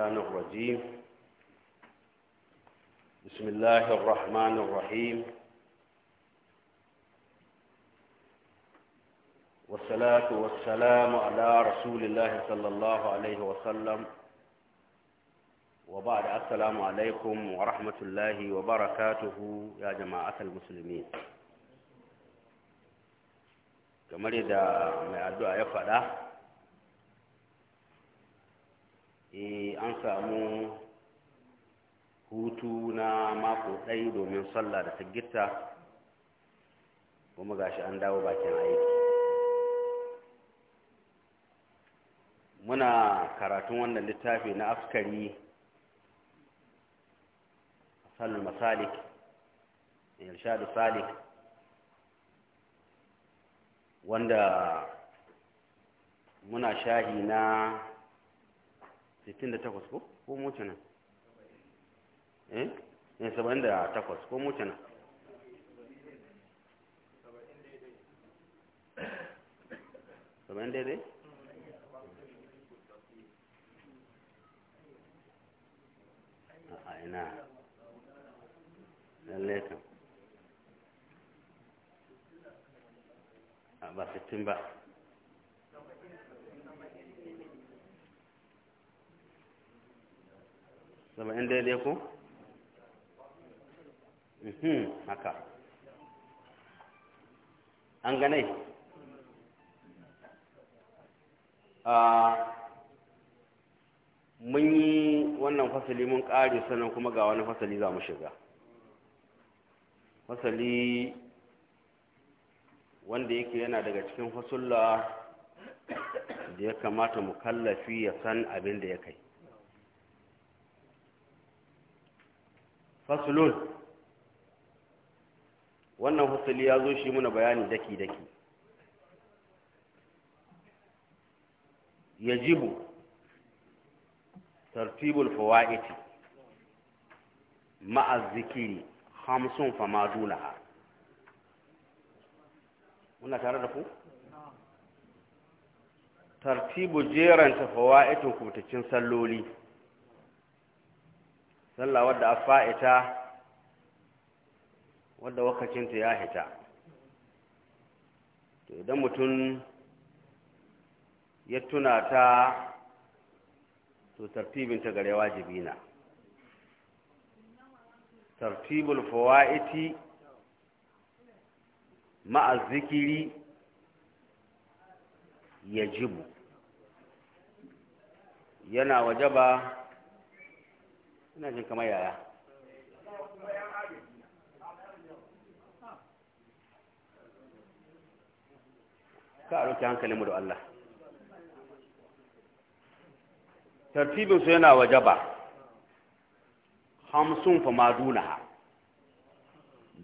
الشيطان الرجيم بسم الله الرحمن الرحيم والصلاة والسلام على رسول الله صلى الله عليه وسلم وبعد السلام عليكم ورحمة الله وبركاته يا جماعة المسلمين كما لدى ما يدعى يفعله eh an samu hutu na mako ɗaya domin sallah da tagitta kuma gashi an dawo bakin aiki muna karatun wannan littafi na afkari salul masalik irshadu salik wanda muna shahi na 68 ko ko mutu nan eh, eh ne takwas ko mutu nan saba'in daidai a lalle kan ba sittin ba saba'in daidai ko? Mhm, haka an ganai ah, mun yi wannan fasali mun ƙare sannan kuma ga wani fasali za mu shiga fasali wanda yake yana daga cikin fasulla da ya kamata mu kallafi ya san abin da ya kai fasulun wannan fasuli ya zo shi muna bayani daki-daki yajibu tartibul fawa'iti ma'a zikiri hamsin fama muna tare da ku? tartibu jeranta fawa'itin kubutaccen salloli sallah wadda a fa'ita wadda wakacinta ya hita to idan mutum ya tuna ta to tartibinta gare wajibi na tartibul fawa'iti ma'a zikiri yajibu yana wajaba ina jin kamar yaya ka a roƙi mu da Allah su yana waje ba hamsin fa ma ha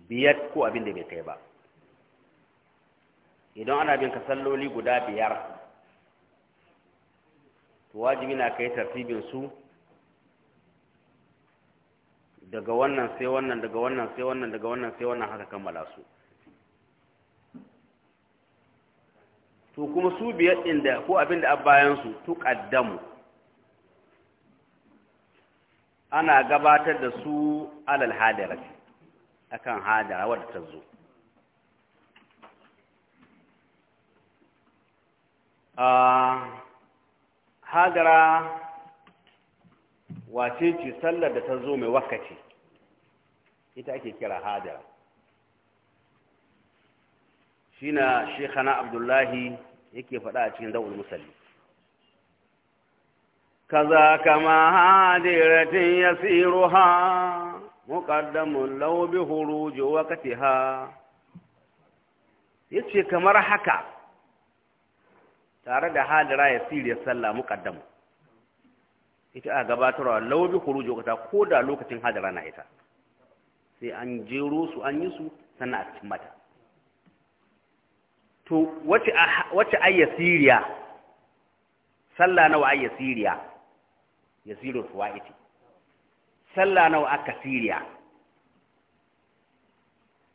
biyar ko abin da bai kai ba idan ana bin kasalloli guda biyar to wajibi na kai su. daga wannan sai wannan daga wannan sai wannan daga wannan sai wannan haka kammala su to kuma su biyar ɗin da ko abin da bayan su tu kaddamu ana gabatar da su alal hadara akan hadara wadda ta zo ah, hadara wace ce sallar da ta zo mai wakaci ita ake kira hadira shi na shekana abdullahi yake faɗa a cikin da'ul musalli kaza kama hadiratin yasiruha muqaddamun law bi ha. Ya ce kamar haka tare da hadira yasir ya sallah muƙaddamun ita a gabatarwa laubi kuruji kata ko da lokacin hadara na ita sai an jero su an yi su sannan a cikin mata to wace ayya siriya sallah nawa ayya siriya ya siro suwa'iti sallah nawa aka siriya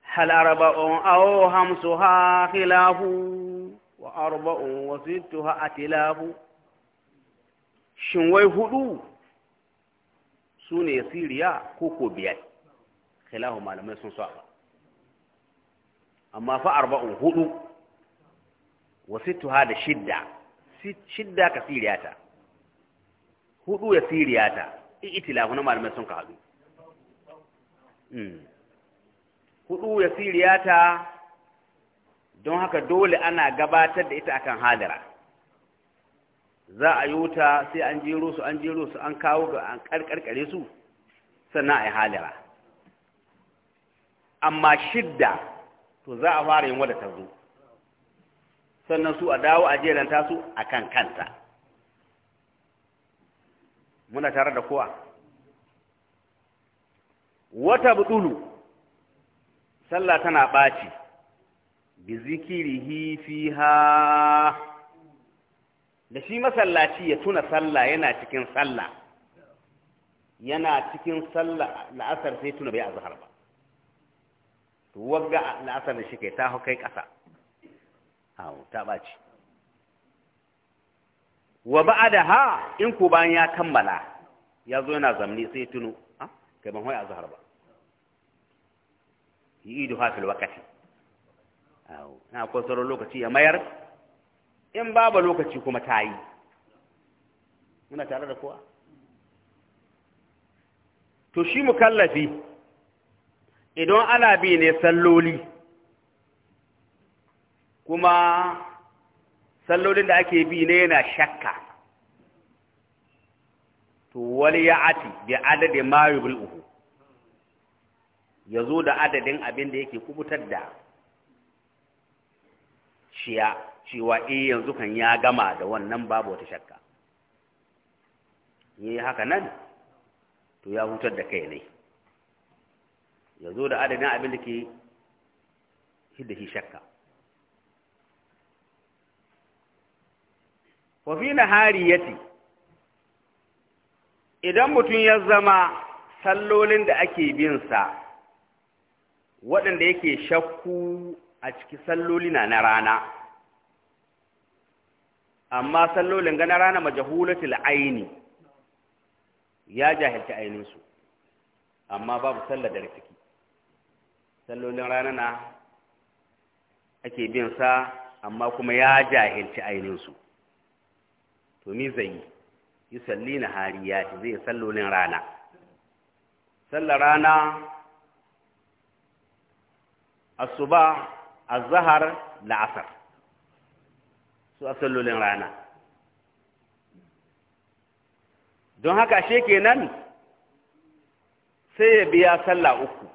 hal arba'un aw hamsuha khilafu wa arba'un wa sittuha atilafu shin wai hudu su ne siriya ko ko biyar khilahu malamai sun ba amma fa arba'un hudu wa sittuha da shidda shidda ka siriyata hudu ya siriyata itilahu na malamai sun ka hadu hmm. hudu ya siriyata don haka dole ana gabatar da ita akan hadira za a yi wuta sai an jero su an jero su an kawo ga an karkarkare su sannan a yi halira amma shidda to za a fara yin wadda ta zo sannan su a dawo a jeranta su a kan kanta muna tare da kowa wata budulu sallah tana ɓaci bi zikirihi fiha da shi masallaci ya tuna sallah yana cikin sallah yana cikin sallah la'asar sai tuna bai azhar ba to wagga la'asar da shi kai ta kai kasa awo ta baci wa ba'daha in ku bayan ya kammala ya zo yana zamni sai tuno ha ah, kai ban hoyi azhar ba yi idu hafil wakati awo na akwai sauran lokaci ya mayar in babu lokaci kuma ta yi muna tare da kowa to shi mukallafi idan ana bi ne salloli kuma sallolin da ake bi ne yana shakka to wani ya ati da adadin mayu uhu ya zo da adadin abin da yake kubutar da shiya cewa eh yanzu kan ya gama da wannan babu wata shakka yi haka nan to ya hutar da kai ne ya zo da adadin abin da ke hidda shi shakka wafi na yati idan mutum ya zama sallolin da ake bin sa waɗanda yake shakku a ciki salloli na na rana amma sallolin gana rana majahulatul aini ya jahilci ainihinsu amma babu sallar da rikiki sallolin rana na ake bin sa amma kuma ya jahilci ainihinsu to ni zai yi salli na hari, ya ce zai sallolin rana sallar rana asuba zahar la'asar su a sallolin rana don haka she nan, sai ya biya sallah uku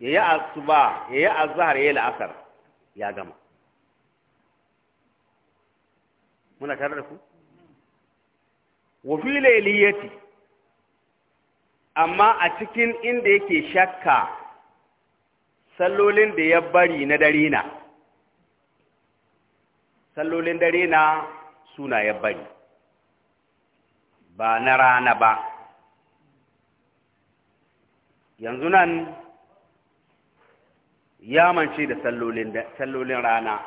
ya yi asuba ya yi ya yi la'asar ya gama muna tare da ku wafi amma a cikin inda yake shakka sallolin da ya bari na dare na sallolin dare na suna ya bari ba na rana ba yanzu nan ya mance da sallolin rana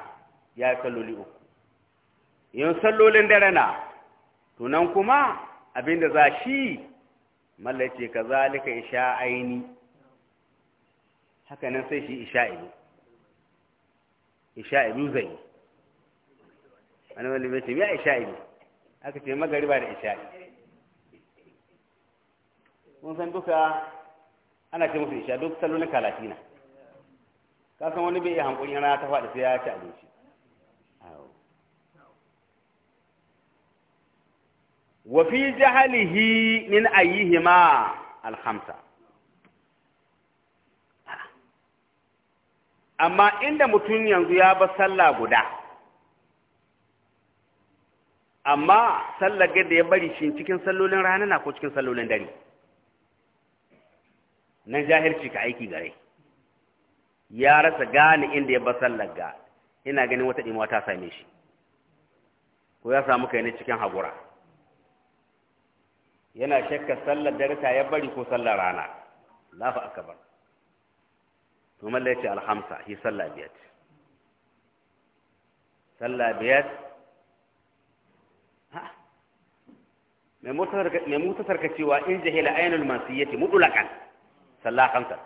ya yi salloli uku yin sallolin dare na tunan kuma abinda za shi mallace ka zalika isha aini haka sai shi isha ilu isha ilu zai wani malami ce ya isha'i ne aka ce magariba da isha'i mun san duka ana ce musu isha duk salo na kalatina kasan wani bai iya hankuri yana ta faɗi sai ya ci abinci wa fi jahalihi min ayyihima alhamsa amma inda mutum yanzu ya ba sallah guda amma sallar da ya bari shi cikin sallolin rana na ko cikin sallolin dare nan jahilci ka aiki gare ya rasa gane inda ya bar sallar ga ina ganin wata ɗimawa ta same shi ko ya samu kai ne cikin hagura yana shakka sallar dare ta ya bari ko sallar rana lafa akabar to mallai ce alhamsa hi sallah biyat sallah biyat mai mutasar ka cewa in jahila ainul mansiyyati mutulakan sallah kamsa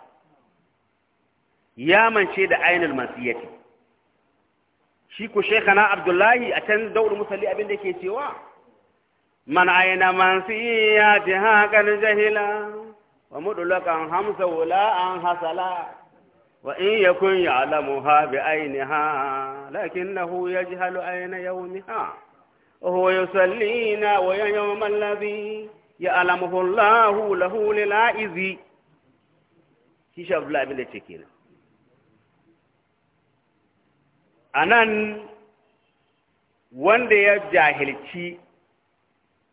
ya mance da ainul mansiyyati shi ku shekana abdullahi a can daul musalli abin da ke cewa man aina mansiyyati hakan jahila wa mutulakan hamsa wula an hasala وإن يكن يعلمها بعينها لكنه يجهل أين يومها وهو يسلينا ويوم الذي يعلمه الله له للعائز shi shi abdullahi abin da ce wanda ya jahilci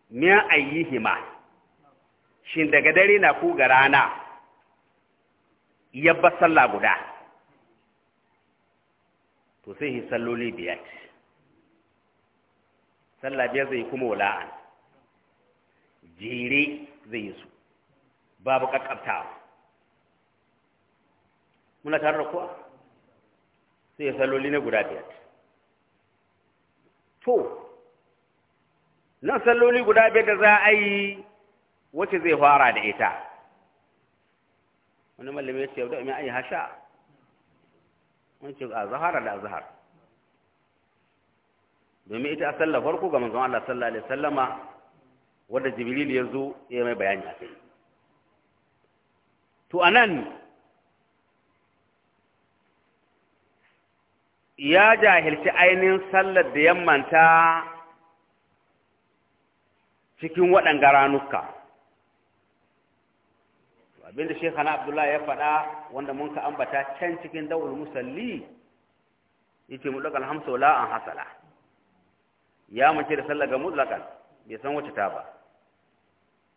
miyan ayyihima shin daga dare na ko ga rana yabba sallah guda to sai hi salloli biyar sallah biyar zai kuma wala'an jere zai yi su babu kakkaftawa muna tare da kuwa sai ya salloli na guda biyar to nan salloli guda biyar da za a yi wacce zai fara da ita wani malamai ya ce yau da umar ayi hasha mun a zahara da zahara domin ita a sallar farko ga manzon Allah sallallahu alaihi wasallama wanda Jibril ya zo ya mai bayani a kai to anan ya jahilci ainihin sallar da yammanta cikin waɗanga ranuka abinda shekana abdullahi ya faɗa wanda mun ka ambata can cikin da'ul musalli yake mu ɗaga alhamsu an hasala ya mace da sallah ga mutlakan bai san wacce ta ba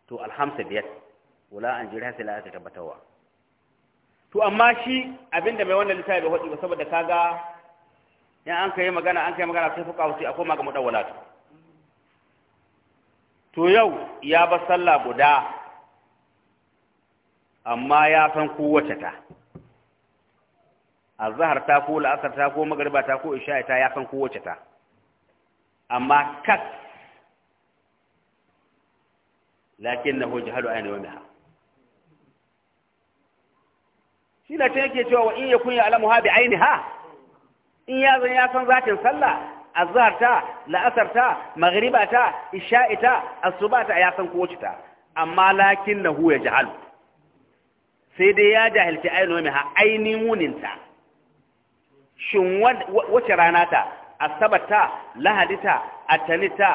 to alhamsa biyar wala an jira sai la ta tabbatawa to amma shi abinda mai wannan lissafi bai ba saboda kaga in an kai magana an kai magana sai fuka wuce koma ga mudawwala to to yau ya ba sallah guda amma ya san wacce ta azhar ta ko la'asar ta ko magriba ta ko isha ta ya san wacce ta amma kas lakin na hujji halu ainihin wani ha shi na can yake cewa wa in ya kunya alamu ha bi aini ha in ya zan ya san zakin sallah azhar ta la'asar ta maghriba ta isha'i ta asuba ta ya san kowace ta amma lakin na ya jahalu sai dai ya jahilci ainihin ha ainihin wuninta shin wace rana ta asabata lahadita atanita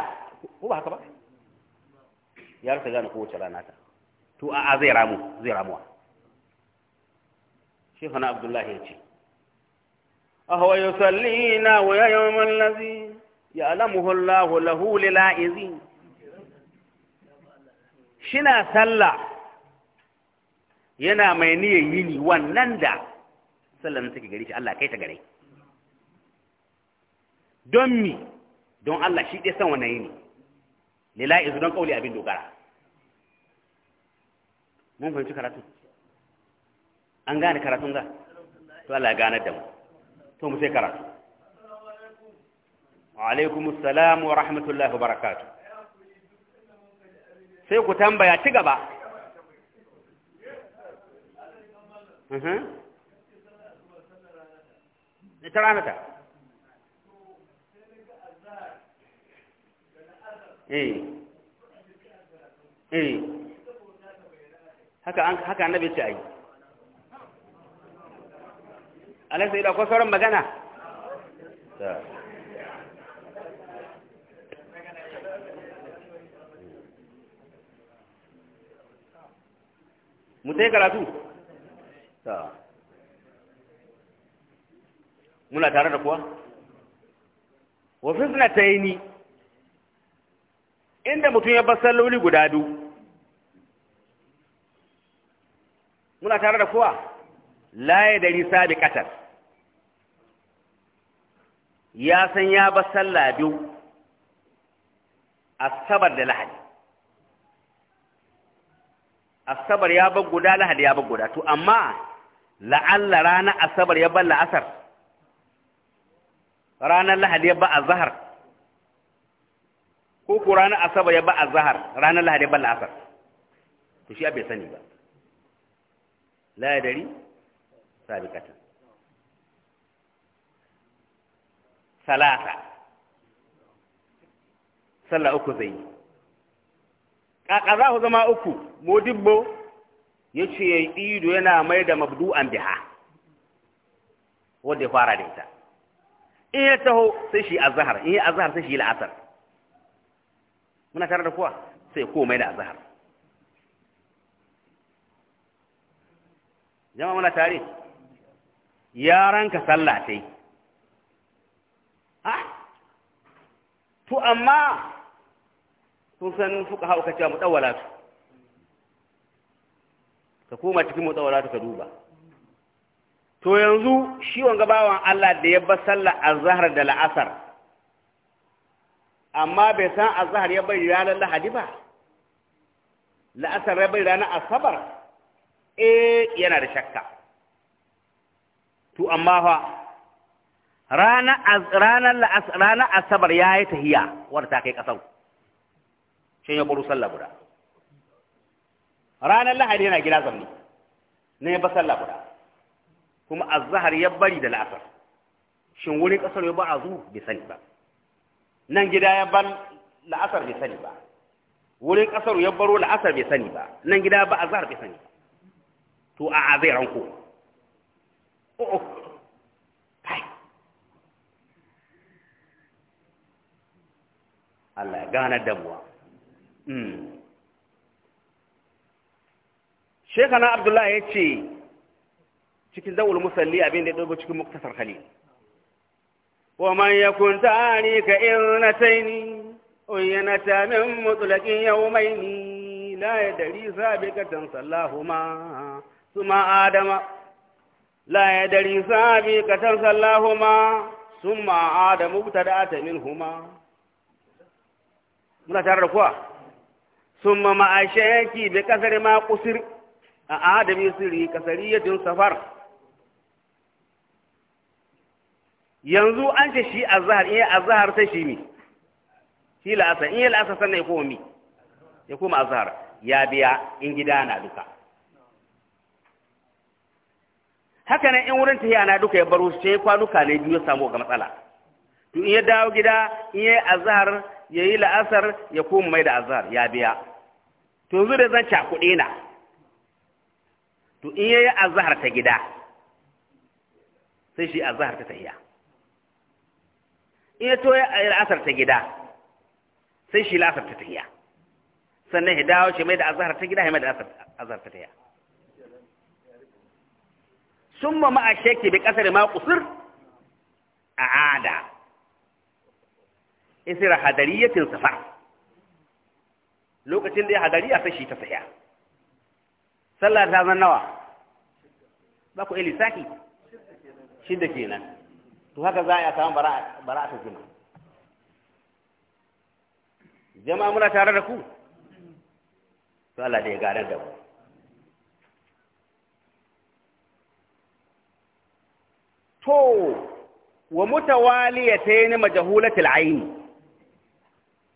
ko ba haka ba ya rasa gane wace rana ta to a zai ramu zai ramuwa shehu na abdullahi ya ce ahawa yusalli na wa yawmal ladhi ya'lamuhu Allah lahu lil shi shina sallah yana mai niyyar yini wannan da sallan suke gari shi Allah kai ta gari don mi don Allah shi ɗaya san wannan yini ne izu don ƙauli abin dogara mun fahimci karatu an gane karatun ga to Allah ya gane da mu to mu sai karatu wa alaikumus salam wa rahmatullahi wa barakatu. sai ku tambaya ci gaba ta ranata eh eh haka an haka annabi ce ai alai sai ko sauran magana mu tai karatu ta muna tare da kuwa wa ni. inda mutum ya bar salloli guda biyu muna tare da kowa laye da risa da katar ya san ya bar salla biyu asabar da lahadi asabar ya bar guda lahadi ya bar guda to amma la'alla rana asabar ya bar la'asar ranar lahadi ya bar azahar. ko ku ranar asaba ya ba a zahar ranar lahadi ba la'asar to shi abin sani ba la sabikata salata salasa sallah uku zai yi ƙaƙa za ku zama uku modibbo ya ce ya yi ido yana mai da Mabdu an biha wadda ya fara da ita in ya taho sai shi Zahar, in ya zahar sai shi la'asar muna tare da kuwa sai komai da azhar jama'a muna tare yaranka sallah tai ha ah! to amma sun san fuka hauka cewa mu dawala su ka koma cikin mu dawala su ka duba to yanzu shi wanga bawan Allah da ya bar sallah azhar da la'asar amma bai san azhar ya bari ranar lahadi ba la'asar ya bari ranar asabar eh yana da shakka to amma fa ranar asabar ya yi tahiya wadda ta kai kasau Shin ya buru sallah guda ranar lahadi yana gida zamni na ya ba sallah guda kuma azhar ya bari da la'asar shin wurin kasar ya ba a zu bai ba nan gida ya ban la'asar bai sani ba wurin kasar ya baro la'asar bai sani ba nan gida ba azhar bai sani ba to a zai ranko o'o oh, kai Allah ya gane damuwa hmm. shekana abdullahi ya ce cikin zaul musalli abin da ya dogo cikin muktasar khalil ومن يكن تاريك إذنتين أينتا من مطلق يومين لا يدري سابقة صلاهما ثم آدم لا يدري سابقة صلاهما ثم آدم ابتدأت منهما من تعرفوا ثم ما أشيكي بكثر ما shaki آدم يسري كثرية سفر yanzu an ce shi azhar in azhar sai shi mi shi la'asar in la'asar sannan ya koma mi ya koma azhar ya biya in gida na duka haka nan in wurin tahiya na duka ya baro shi sai kwanuka ne biyu samu ga matsala to in ya dawo gida in ya azhar ya yi la'asar ya koma mai da azhar ya biya to yanzu da zan cakuɗe na to in ya yi azhar ta gida sai shi azhar ta tahiya in ya to ya la'asar ta gida sai shi la'asar ta tahiya sannan ya dawo shi mai da azhar ta gida ya mai da azhar ta tahiya summa ma ashaki bi qasri ma kusur a qusir aada isra hadariyatin safar lokacin da ya hadariya sai shi ta tahiya sallah ta zan nawa ba ku ilisaki shidda kenan to haka za a yi a samu bara a zina jama'a muna tare da ku to Allah da ya gare da mu to wa ni majhulatil ayn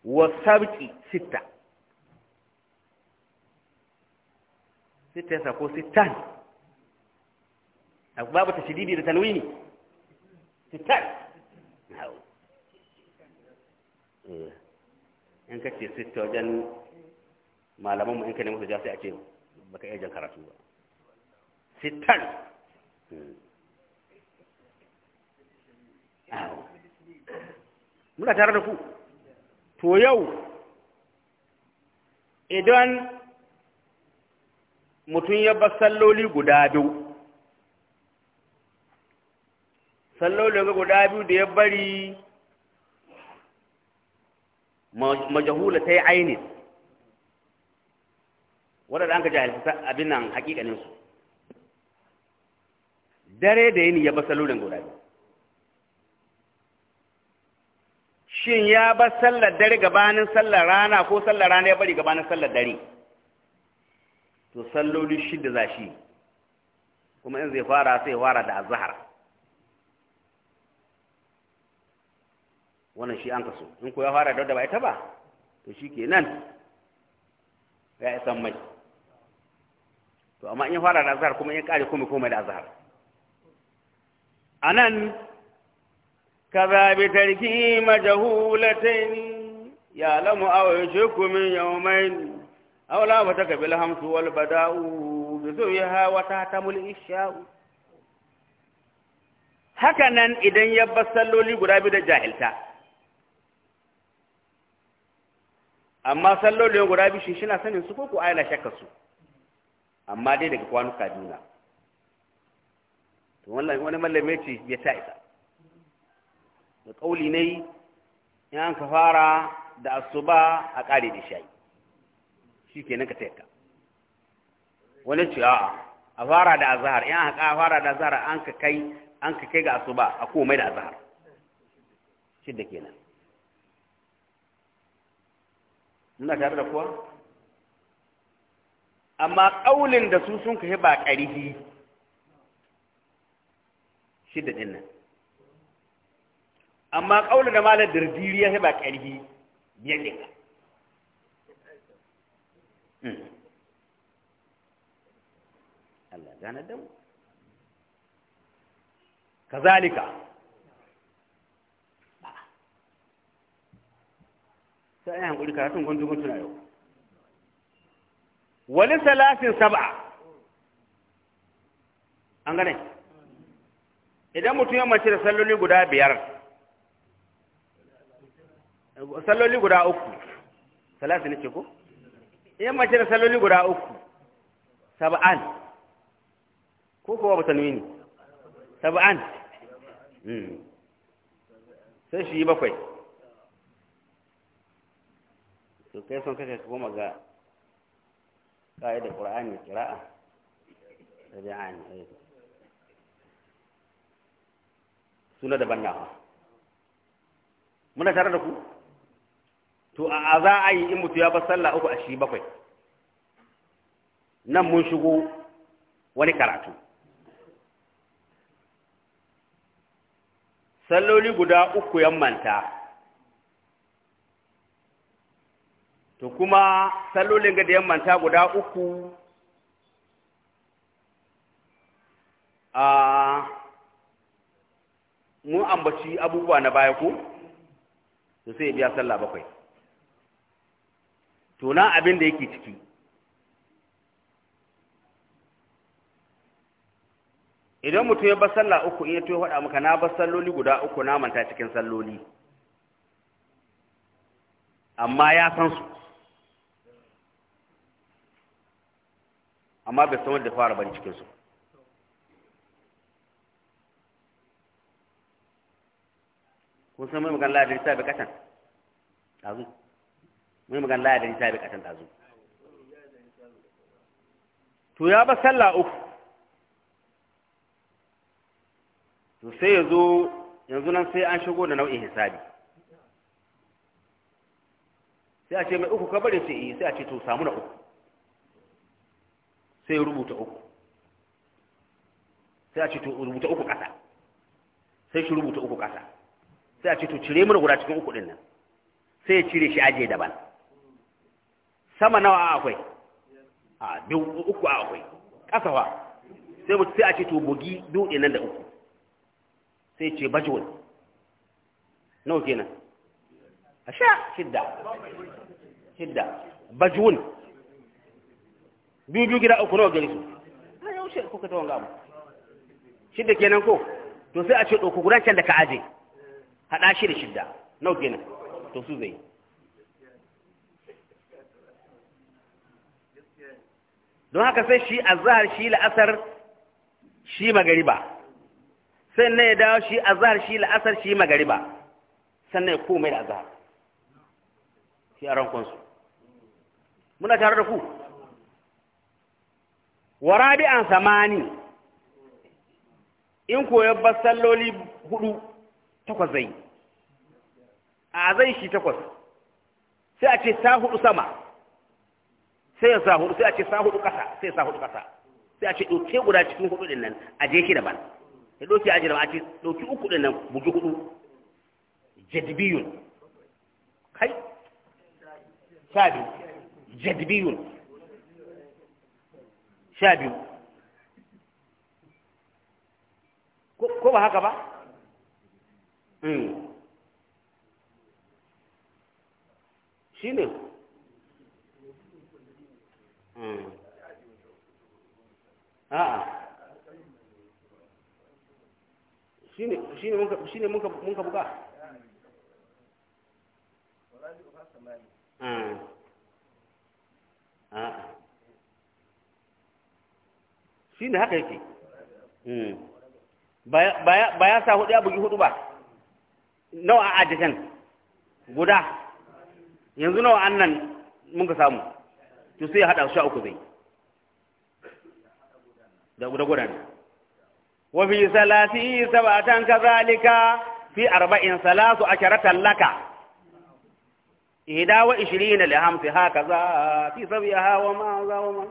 wa sita sitta sitta ko sittan babu ta shididi da tanwini Sitat, hau eh. in ka ce sita wajen malaman mu in ka nemi su sai a ce baka iya jan karatu ba sitan hmm. muna tare da ku to yau idan mutum ya ba salloli guda biyu sallolin ga guda biyu da ya bari majahula ta yi aini waɗanda an ka jahilta abin nan su, dare da yini ya ba sallolin guda biyu shin ya ba sallar dare gabanin sallar rana ko sallar rana ya bari gabanin sallar dare to salloli shidda za shi kuma in zai fara sai fara da azhar wannan shi an kaso in ko ya fara da ba ita ba to shi ke nan ya isan mai to amma in fara da azhar kuma in kare komai komai da azhar anan kaza bi tarki majhulatayn ya lamu aw yushku min yawmayn aw la fataka bil hamsu wal bada'u bi hawa wa tatamul isha'u haka nan idan ya bar salloli guda biyu da jahilta amma sallolin guda biyu shi na sanin su ko ko ayyana shakka su amma dai daga kwanuka juna to wallahi wani mallamai ce ya ta isa da kauli ne in an ka fara da asuba a kare da shayi kenan ka tayyaka wani ce a'a a fara da azhar yan haka ka fara da azhar an ka kai an ka kai ga asuba a komai da azhar shi da kenan muna tare da kuwa amma ƙaunin da su sun kai ba ƙarihi shidda ɗin nan amma ƙaunin da malar dirdiri ya ba ƙarihi biyar ɗin hmm. Allah gane da mu kazalika sai an hankuri karatun gwanzo gwanzo na yau wani salasin saba an gane idan mutum ya mace da salloli guda biyar salloli guda uku salasi ne ce ko ya mace da salloli guda uku saba'an ko kowa ba tanwi ne saba'an hmm. sai shi yi bakwai to kai son ka koma ga ƙa'ida ƙura'ani ƙira'a da jihani aiki eh. suna daban na muna tare da ku to a za a yi in mutu ya bar sallah uku a shi bakwai nan mun shigo wani karatu salloli guda uku yan manta to kuma sallolin ga da yammanta guda uku a mu ambaci abubuwa na baya ko to sai biya sallah bakwai to na abin da yake ciki idan mutum ya bar sallah uku in ya to ya faɗa maka na bar salloli guda uku na manta cikin salloli amma ya san su amma bai san wanda fara bane cikin su kun san mai magana da lissafi katan tazu mai magana da bi katan tazu to ya ba sallah uku to sai yazo yanzu nan sai an shigo da nau'in hisabi sai a ce mai uku ka bare sai sai a ce to samu na uku sai ya rubuta uku sai a ce to rubuta uku ƙasa sai shi rubuta uku ƙasa sai a ce to cire mana guda cikin uku dinnan nan sai ya cire shi aje daban sama nawa a akwai a biyu uku akwai ƙasa wa sai mu sai a ce to bugi biyu ɗin nan da uku sai ce bajwal nawa kenan a sha shidda shidda bajwal biyu gida uku nawa gari su a yau shi kuka ta shidda kenan ko to sai a ce doko guda can da ka aje hada shi da shidda nawa kenan to su zai don haka sai shi azhar shi la'asar shi magariba sannan ya dawo shi azhar shi la'asar shi magariba sannan ya komai da azhar shi a rankonsu muna tare da ku wa rabi'an samani in koyar ba salloli hudu takwas zai a zai shi takwas sai a ce sa hudu sama sai ya sa hudu sai a ce sa hudu kasa sai ya sa hudu kasa sai a ce ɗauke guda cikin hudu din nan a je shi daban ya doke a daban a ce doki uku din nan bugi hudu jadbiyun kai sabi jadbiyun sha biyu ko ba haka ba hmm. shi ne hmm. a'a shi ne muka buga Ah. Uh -huh. shi ne haka yake hmm. ba ya sa hudu ya bugi hudu ba nawa a ajiyar guda yanzu nawa annan mun ka samu to sai ya haɗa su uku zai da guda guda ne wa fi salati sab'atan zalika fi arba'in salatu asharatan laka ihida wa 20 li hamsi za fi sabiha hawa ma za wa ma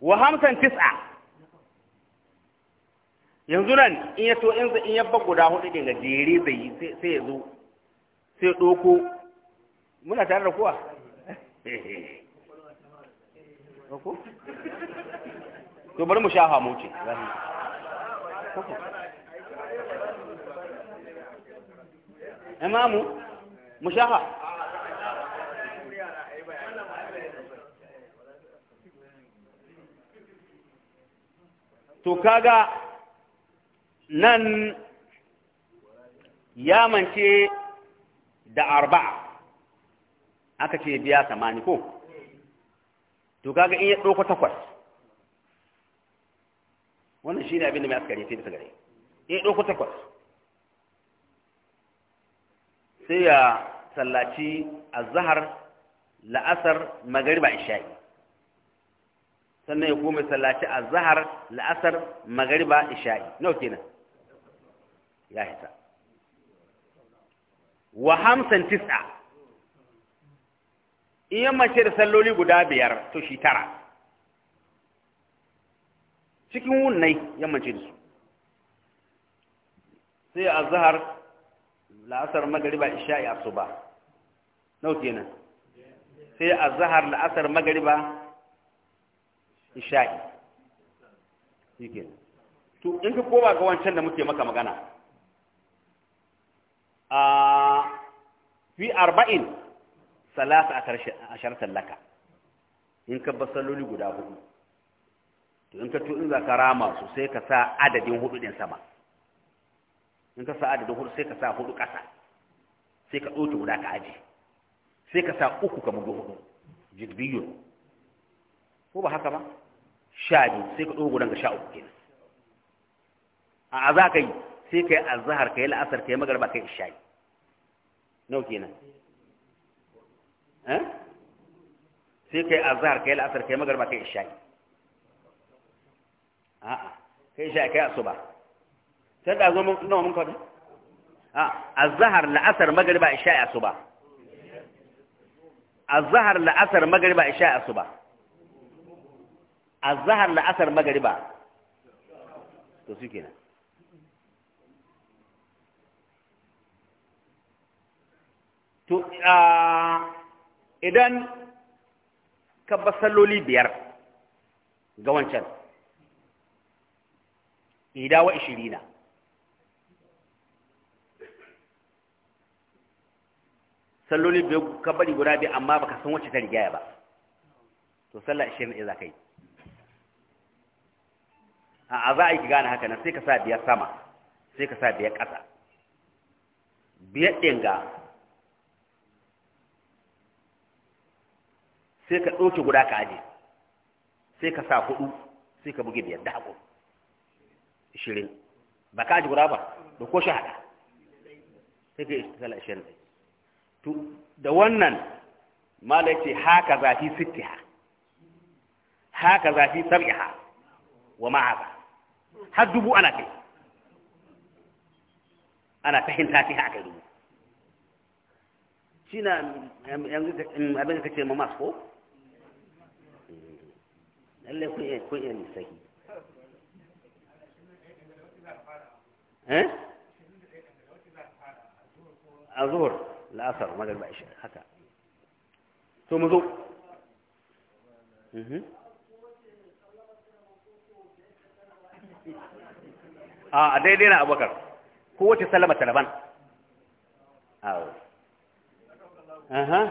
wa hamsan tis'a yanzu nan in ya to in ya ba guda hudu daga jere zai yi sai ya zo sai doko muna tare da kuwa to bari mu shafa mu ce imamu mu shafa to kaga nan ya mance da arba'a aka ce biya samani ko to kaga in ya ɗauko takwas wannan shi ne abin da mai askari sai da gare in ya ɗauko takwas sai ya sallaci azahar la'asar magariba sha'i. sannan ya koma sallaci azhar la'asar magariba isha'i nau kenan ya hita wa hamsan tis'a iya mace da salloli guda biyar to shi tara cikin wunnai ya mace da su sai azhar la'asar magariba isha'i asuba nau kenan sai azhar la'asar magariba isha'i shike to in ka koma ga wancan da muke maka magana a fi arba'in salasa a a shartar laka in ka basaloli guda hudu to in ka tuɗin in za ka rama su sai ka sa adadin hudu din sama in ka sa adadin hudu sai ka sa hudu ƙasa sai ka ɗauki guda ka aji sai ka sa uku kamar hudu jidbiyun ko ba haka ba sha biyu sai ka ɗogo nan ga sha uku kenan a za ka yi sai ka yi azahar ka yi la'asar ka yi magarba ka yi isha'i nau kenan sai ka yi azahar ka yi la'asar ka yi magarba ka yi isha'i a'a ka yi isha'i ka yi asuba sai da zo nawa mun kawai a azahar la'asar magarba isha'i asuba azahar la'asar magarba isha'i asuba azhar asar magariba to su kenan to idan ka ba salloli biyar ga wancan idawa ishirina salloli biyar ka bari guda biyu amma baka san wacce ta rigaya ba to sallah ishirin ne za ka yi a za a yi gane haka nan sai ka sa biyar sama sai ka sa biyar ƙasa biyar ɗinga sai ka ɗauki guda ka aje sai ka sa hudu sai ka buge biyar da haƙo ishirin ba ka aji guda ba da ko shi haɗa sai ka yi kala ishirin ɗai da wannan mala ce haka zafi sittiha haka zafi sab'iha wa ma'aza har dubu ana kai ana ta hinta ta aka dubu shi na yanzu abin da kace mamas ko lallai kun iya kun iya lissafi eh a zuhur la'asar magarba isha haka to mu zo a daidai na abubakar kowace salama talaban awo hmm.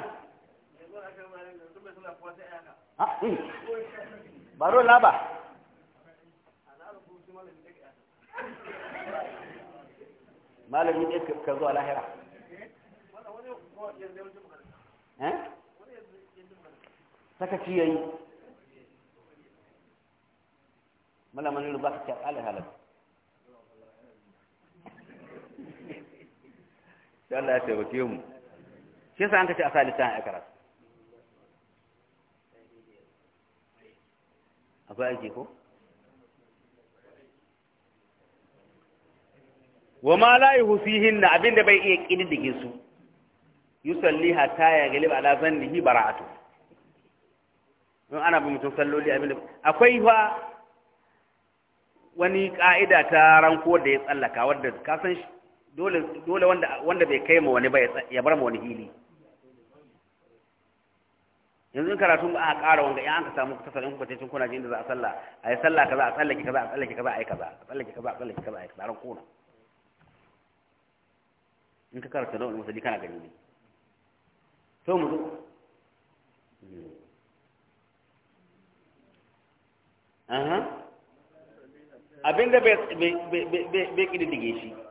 ba ruwan laba malami ne ka a lahira eh? sakaci yayi malamanin ruba ka ala alahalar da Allah ya taimake mu shi yasa an kace a sa littafin a karatu akwai aiki ko wa ma la yuhsihin abinda bai iya kididdige su yusalli hatta ya galib ala zannihi bara'atu don ana ba mutum salloli abinda akwai fa wani ka'ida ta ranko da ya tsallaka wadda ka san shi dole dole wanda wanda bai kai ma wani ba ya bar ma wani hili yanzu in karatu ba a ƙara wanga in an ka samu tasar in kuka kuna jin inda za a sallah a yi sallah kaza a tsallake kaza a tsallake kaza a yi kaza a tsallake kaza a tsallake kaza a yi kaza ran kona in ka karanta nau'in musulmi kana gani ne to mu zo abinda bai kididdige shi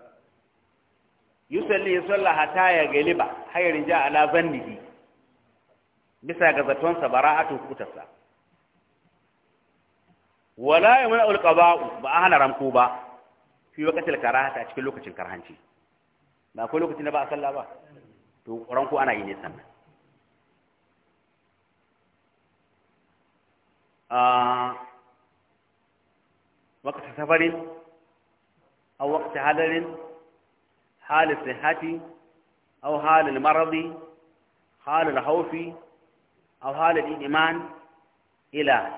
yusalli ya salla hata ya galiba hayar ja ala zannihi bisa ga zatonsa bara'atu kutarsa wala ya mana ulqaba'u ba a hana ranko ba fi waqtil karahata cikin lokacin karhanci ba akwai lokacin da ba a salla ba to ranko ana yi ne sannan a waqti safarin aw waqti hadarin حال الصحة أو حال المرض حال الخوفي أو حال الإيمان إلى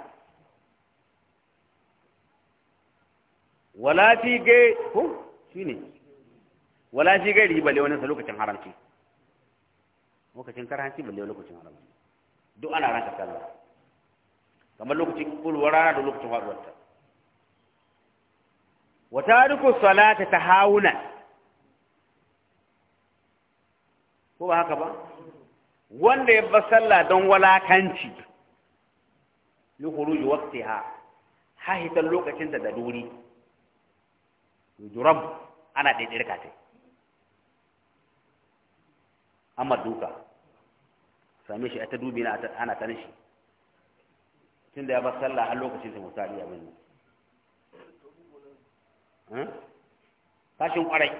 ولا في جي هو ولا في جي اللي بليون سلوك تنحرم شيء هو كتنكر هالشيء بليون لوك تنحرم دو أنا أنا كتلا كمل لوك تقول ورا دو لوك تنحرم وتارك الصلاة تهاونا ko ba haka ba wanda ya ba sallah don walakanci li khuruji waqtiha hahitan lokacin da daruri yujrab ana dirka ta amma duka same shi a ta dubi na ana tana shi tunda ya ba sallah har lokacin da mutali abin nan tashin kwarai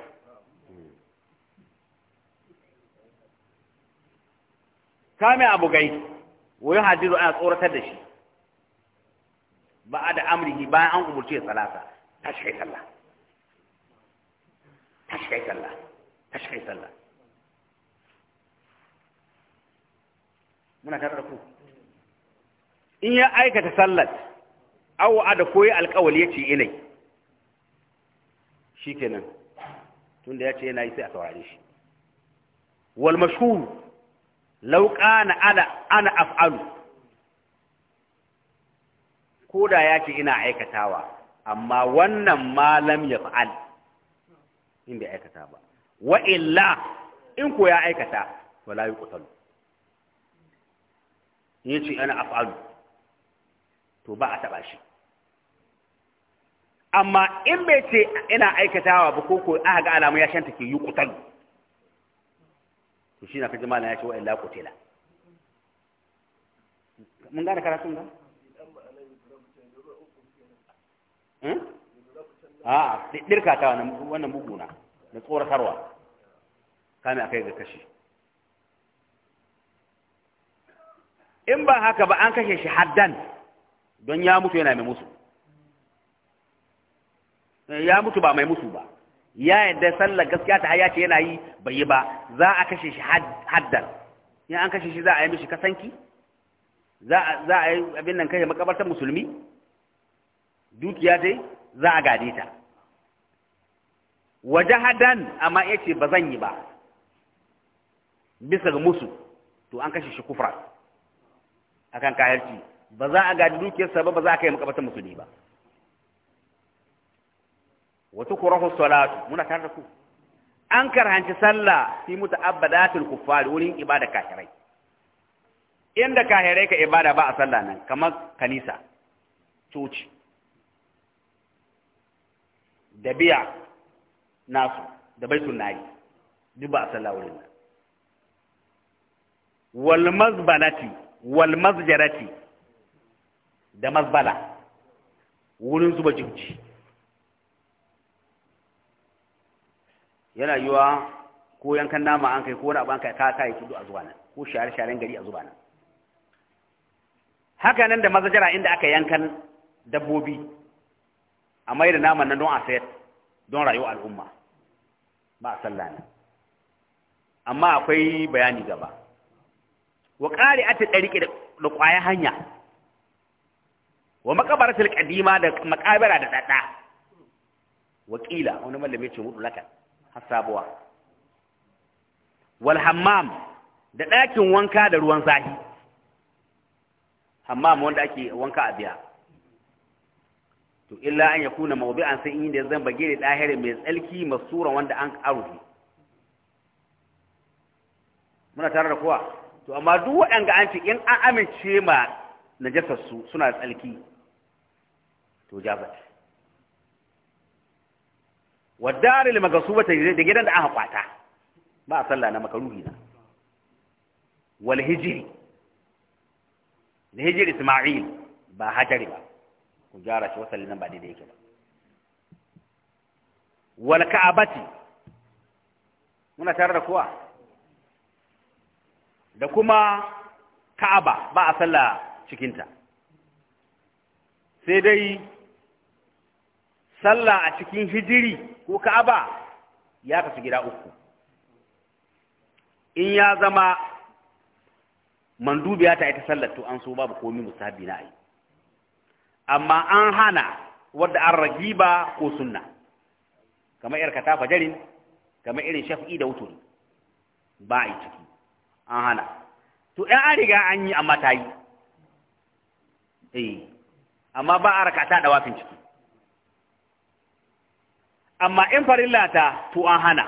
kame abu gai wai hadiru ana tsoratar da shi ba da amrihi bayan an umurce ya salata ta shi kai sallah ta shi kai sallah ta shi kai sallah muna tare da ku in ya aikata sallat awa da koyi alkawali ya ce inai. shi kenan tunda ya ce yana yi sai a saurare shi wal mashhur lauka na ana ana af'alu ko da ya ce ina aikatawa amma wannan malam ya fa'al in bai aikata ba wa illa in ko ya aikata wala yi kutalu ya ce ana af'alu to ba a taɓa shi amma in bai ce ina aikatawa ba ko ko aka ga alamu ya shanta ke yi kutalu shi na kaji na ya ce illa kutila mun gane karatun ba hmm? a ɗirka ta wannan buguna na tsoratarwa kame a kai ga kashi in ba haka ba an kashe shi haddan don ya mutu yana mai musu eh, ya mutu ba mai musu ba ya yadda sallar gaskiya ta haya ce yana yi bai yi ba za a kashe shi haddar in an kashe shi za a yi mishi kasanki za a yi abin nan kashe makabartar musulmi dukiya dai za a gade ta waje haddan amma ya ce ba zan yi ba bisa ga musu to an kashe shi kufra akan kayarci ba za a gadi dukiyarsa ba ba za a kai makabartar musulmi ba wa tukrahu salatu muna tare da ku an karhanci sallah fi muta'abbadatil kuffar wurin ibada kafirai inda kafirai ka ibada ba a sallah nan kamar kanisa coci da biya nasu da baitul nayi duk ba a sallah wurin nan wal mazbalati wal mazjarati da mazbala wurin zuba jibji yana yiwa ko yankan nama an kai ko wani abu an kai ka kai kudu a zuwa nan ko share sharen gari a zuwa nan haka nan da mazajara inda aka yankan dabbobi a mai da naman nan don a sayar don rayuwa al'umma ba a nan amma akwai bayani gaba wa ƙari a ta da kwaya hanya wa makabaratul ƙadima da makabara da ɗaɗa wakila wani malami ce mutu sabuwa wal hammam da ɗakin wanka da ruwan zahi hammam wanda ake wanka a biya to illa an ya kuna an sai inda zan bage da ɗahiri mai tsalki masura wanda an ƙarufe, muna tare da kowa to amma duk waɗanda an ce in an amince ma najasar su suna tsalki to jazat wa daril magasubata da gidan da aka kwata ba a sallah na makaruhi na wal hijri da isma'il ba hajari ba ku gyara shi wasalli nan ba daidai yake ba wal ka'abati muna tare da kowa da kuma ka'aba ba a sallah cikinta sai dai sallah a cikin hijiri ko ka'aba ya kasu gida uku in ya zama mandubiya ta ita sallar to an so babu komi musabi na yi amma an hana wadda an ragiba ko sunna kama yar katafa jarin kama irin shafi'i da wuturi ba a yi ciki an hana to ɗan an riga an yi amma ta yi eh, amma ba a rakata da wafin ciki amma in farilla ta to an hana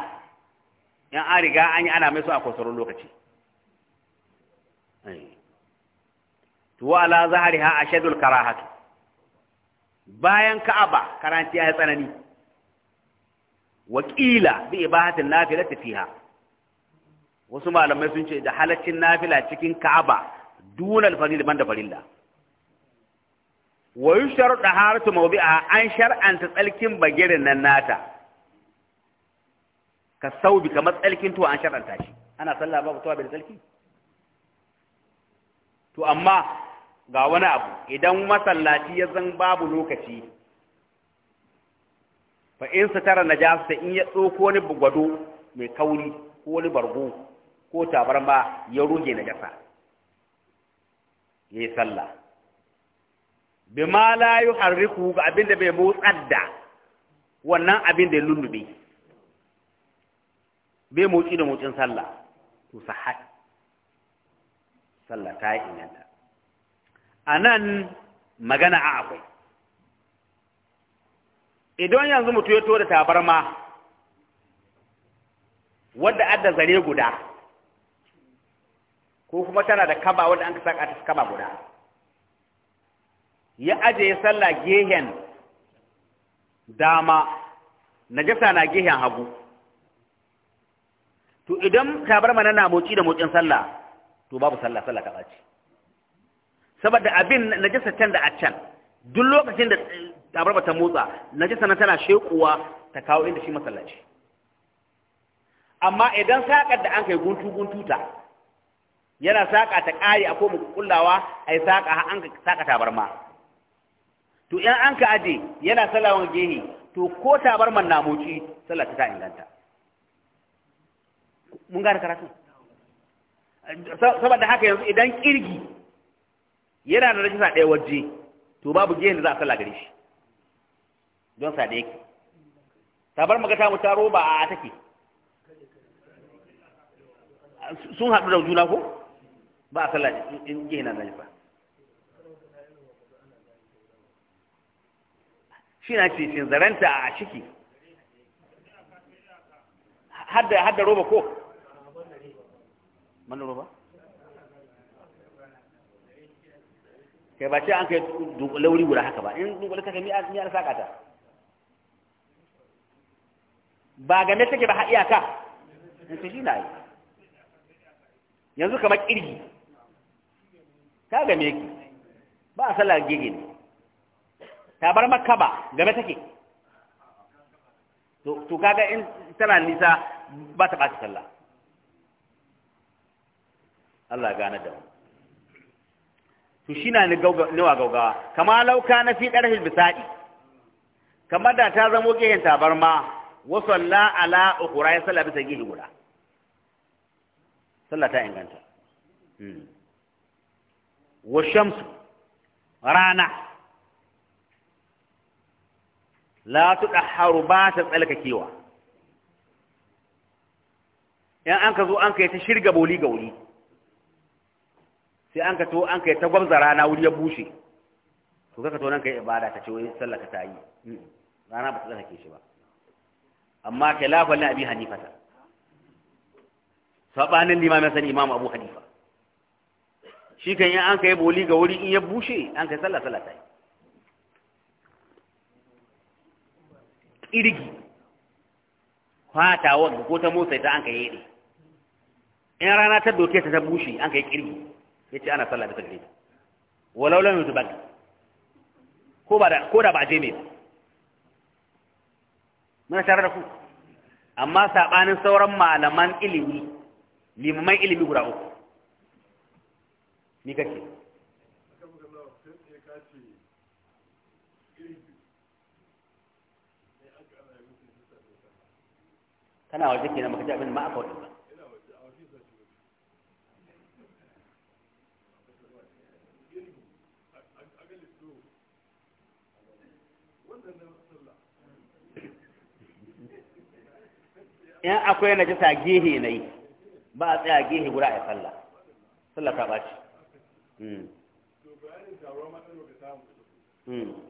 yan an riga an yi ana mai su a kwasarun lokaci tuwa ala zahari ha a shaidul karahatu bayan ka'aba karanci ya tsanani wakila bi ibahatin nafila fiha wasu malamai sun ce da halaccin nafila cikin ka'aba dunal farilla banda farilla wa yusharu daharatu mawdi'a an shar'anta tsalkin bagirin nan nata ka saubi kamar tsalkin tuwa an shar'anta shi ana sallah babu tuwa bai tsalki to amma ga wani abu idan masallaci ya zan babu lokaci fa in satara najasa in ya tsoko ni gwado mai kauri ko wani bargo ko tabarma ya ruge najasa yayi sallah bima la harriku ga abin da bai motsar da wannan abin da ya lullube bai motsi da motsin sallah to sahat sallah ta yi inganta a nan magana a akwai idan yanzu mutu ya da tabarma wadda adda zare guda ko kuma tana da kaba wadda an ka saka ta kaba guda ya ajiye sallah gehen dama najasa na gehen hagu to idan tabar mana na moci da mocin sallah to babu sallah sallah ka ce. saboda abin najasa can da a can duk lokacin da tabar ba ta motsa najasa na tana shekuwa ta kawo inda shi masallaci amma idan saƙar da an kai guntu guntuta yana saƙa ta ƙari a koma kullawa a yi saƙa an ka saƙa tabarma to in an ka aje yana wani gehi to ko man namoci sallah ta inganta mun gane karatu saboda haka yanzu idan kirgi yana da rajisa ɗaya waje to babu gehen da za a sallah gare shi don sa da yake bar magata mu ta roba a take sun haɗu da juna ko ba a sallah in gehen na rajisa suna na ce shin zaranta a ciki hadda roba ko mana roba kai ba ce an kai lauri guda haka ba in dunkule kaka mi an saka ta ba game take ba iyaka in ce shi na yi yanzu kamar kirgi ta game ki ba a sallar gege ne bar makka ba game take to kaga in tana nisa ba ta ɓaci sallah Allah gane da mu to shi na nawa gaugawa kama lauka na fi ɗarfin bisaɗi kamar da ta zamo gehen tabarma wasu Allah ala ukura ya sallah bisa gehe guda sallah ta inganta hmm. wa shamsu rana la tudahharu ba ta tsalkakewa yan an ka zo an kai ta shirga boli ga wuri sai an ka to an kai ta gwabza rana wuri ya bushe to kaka to nan yi ibada ta ce wai sallaka ta yi rana ba ta ke shi ba amma khilafan na abi Ta sabanin limamin sani imamu abu hanifa shi kan yi an kai boli ga wuri in ya bushe an kai sallah sallah ta yi irgi fata wadda ko ta motsa ita an ka yi in rana ta doke ta ta bushe an ka yi kirgi ya ce ana sallah da gare walau lam yutu baki ko da ba a je me ba muna tare da ku amma saɓanin sauran malaman ilimi limaman ilimi guda uku ni kake kana waje nan baka ji abin ma aka wadanda ba in akwai na jisa gehe na yi ba a tsaya gehe guda a yi sallah sallah ta hmm, hmm.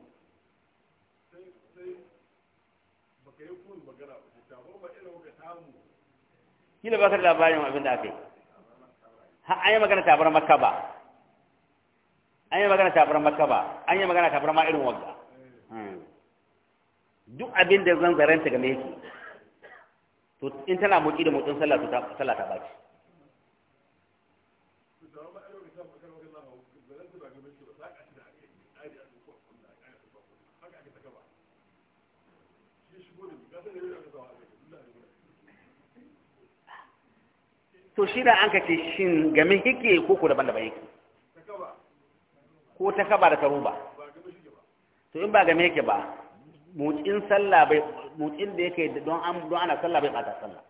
kila ba ka da labarin abin da aka yi ha an yi magana tafar makka ba an yi magana tafar makka ba an yi magana tafar ma irin wagga hmm. duk abin da zan zaranta game yake to in tana moki da motsin sallah to sallah ta baki to shi da an ka ce shin game hike ko ko daban daban yake ko ta kaba da karo ba to in ba game yake ba mutsin sallah bai mutsin da yake don an don ana sallah bai bata sallah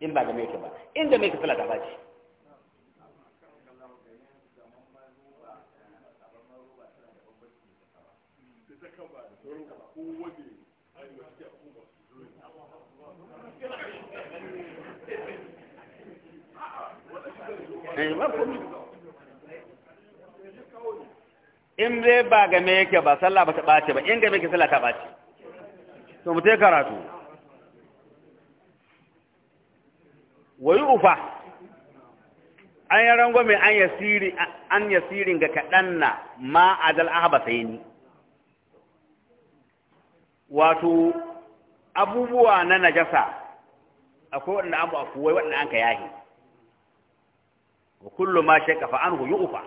in ba game yake ba in game yake sallah ta baci ko wani in dai ba game yake ba sallah ba ta ɓace ba in game yake sallah ta ɓace to mu tai karatu wayi ufa an yi me an yasiri an ga kaɗan na ma adal ahaba sai ni wato abubuwa na najasa akwai waɗanda abu akwai waɗanda an ka yahi wa kullu ma shakka fa anhu yu'fa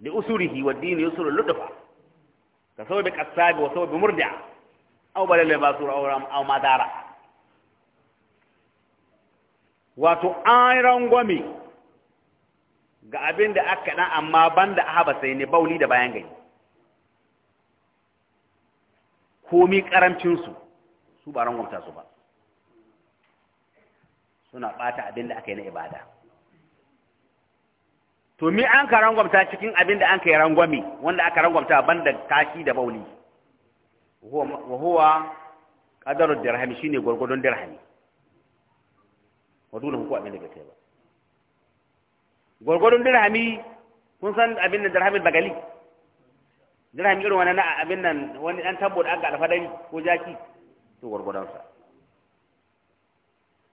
li usurihi wa dini yusru ludfa ka sababi qasabi wa sababi murdi'a aw balal basura aw ram aw madara wato an rangwame ga abinda aka dan amma banda ahaba sai ne bauli da bayan gani komi karamcin su su ba rangwamta su ba suna bata abinda da aka yi na ibada to mi an ka rangwamta cikin abin da an ka yi rangwami wanda aka rangwamta banda kashi da bauli wa huwa qadarud dirhami shine gurgudun dirhami wadula ko abin da bai ba gurgudun dirhami kun san abin da dirhami bagali dirhami irin wani abin nan wani dan tabbo da aka alfadari ko jaki to gurgudan sa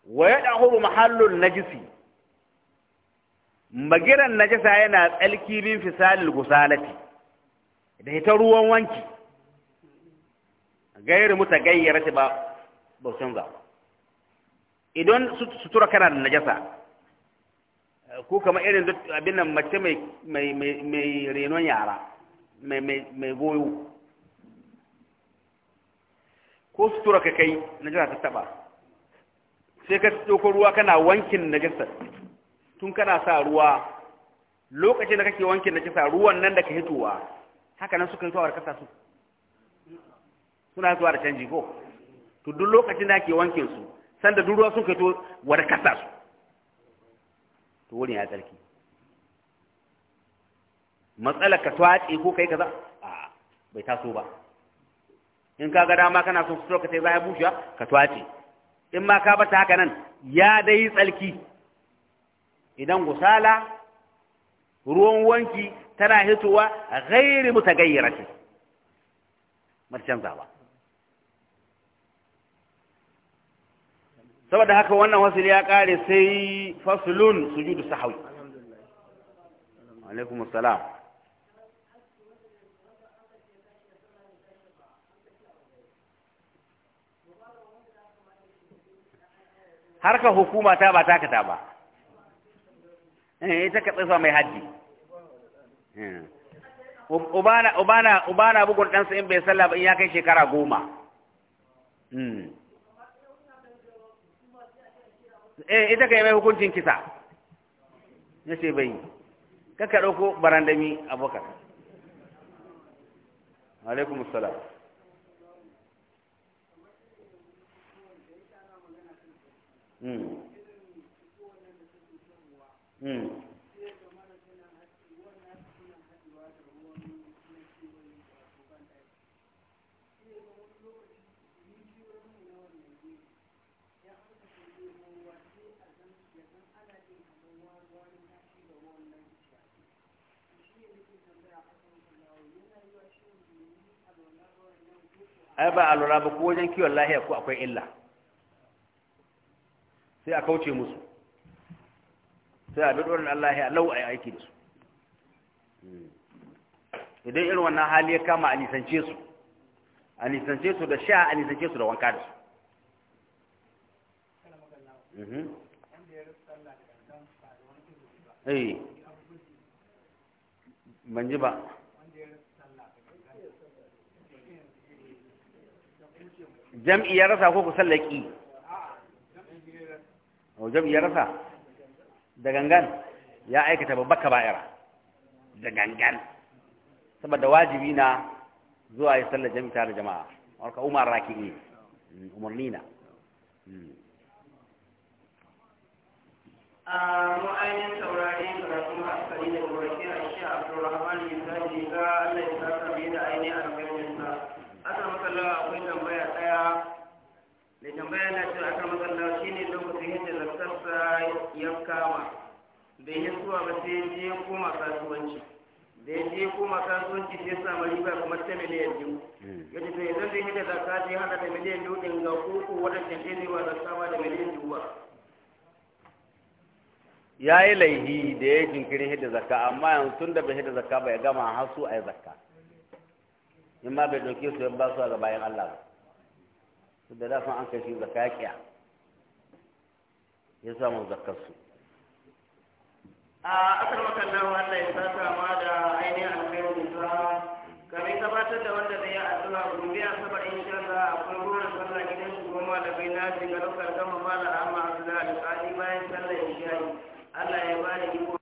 wa yadahu mahallul najisi magiran najasa yana tsalki min fisalil gusalati da ita ruwan wanki gairu muta gayyara ba ba canza za idan sutura kana da najasa ko kamar irin abin nan mace mai mai mai renon yara mai mai goyo ko sutura ka kai najasa ta taba sai ka ɗauko ruwa kana wankin najasar tun kana sa ruwa lokacin da kake wankin da kisa ruwan nan da ka hitowa haka nan suka hitowa da kasa su suna hitowa da canji ko to duk lokacin da ake wankin su sanda duk ruwa suka hito wa da kasa su to wurin ya tsarki matsalar ka twace ko kai kaza a bai taso ba in ka ga dama kana son su ka sai baya bushewa ka twace in ma ka bata haka nan ya dai tsarki idan gusala ruwan wanki tana hitowa ghairi mutagayyirati marcan zawa saboda haka wannan wasil ya kare sai faslun sujudu sahwi alaikum assalam harka hukuma ta ba ta ba Eh, ita ka tsufa mai haji eh. ubana ubana ubana bugun dan in bai sallah ba in ya kai shekara goma hmm. eh ita kai mai hukuncin kisa ce bai kaka dauko barandami abokan alaikum assalam mm Mm. ai ba a lura ba ko wajen kiwon lahiya ko akwai illa sai a kauce musu sai abin wurin Allah ya lau a yi aiki da su idan irin wannan hali ya kama a nisance su a nisance su da sha a nisance su da wanka da su mhm. eh ba jam'i ya rasa ko ku sallaki oh, jam'i ya rasa da gangan ya aikata babbar kaba'ira da gangan saboda wajibi na zuwa yi sallar jami'a tare jama'a warka umar raki'i mm, umarni na mm. a mu'ayin saurari da kuma asali da buraki a shi abdurrahman bin zaji ga Allah ya saka da ainihin alƙalmin sa aka matsala akwai tambaya ɗaya. mai tambaya na cewa aka matsala shi ne lokacin yadda lafsarsa ya kama bai yi zuwa ba sai je koma kasuwanci da ya je koma kasuwanci sai samu riba kamar ta miliyan biyu ya ce sai zan zai yadda zaka je haka da miliyan biyu ɗin ga koko waɗanda ke zai ba zaka ba da miliyan biyu ba ya yi laihi da ya yi jinkirin hidda zakka amma yanzu tun da bai hidda zakka ba ya gama hasu a yi zakka in ma bai ɗauke su ya ba su a bayan Allah ba da dafa an kashi zaka yaƙiya ya samu zakarsu a asar nan Allah ya sata ma da ainihin alkhairu nisa kamin tabbatar da wanda zai yi addu'a gobe a saba insha Allah akwai ruwan sallah gidan da bai na ga lokar gama a Ahmad da Alƙali bayan sallar isha'i Allah ya da iko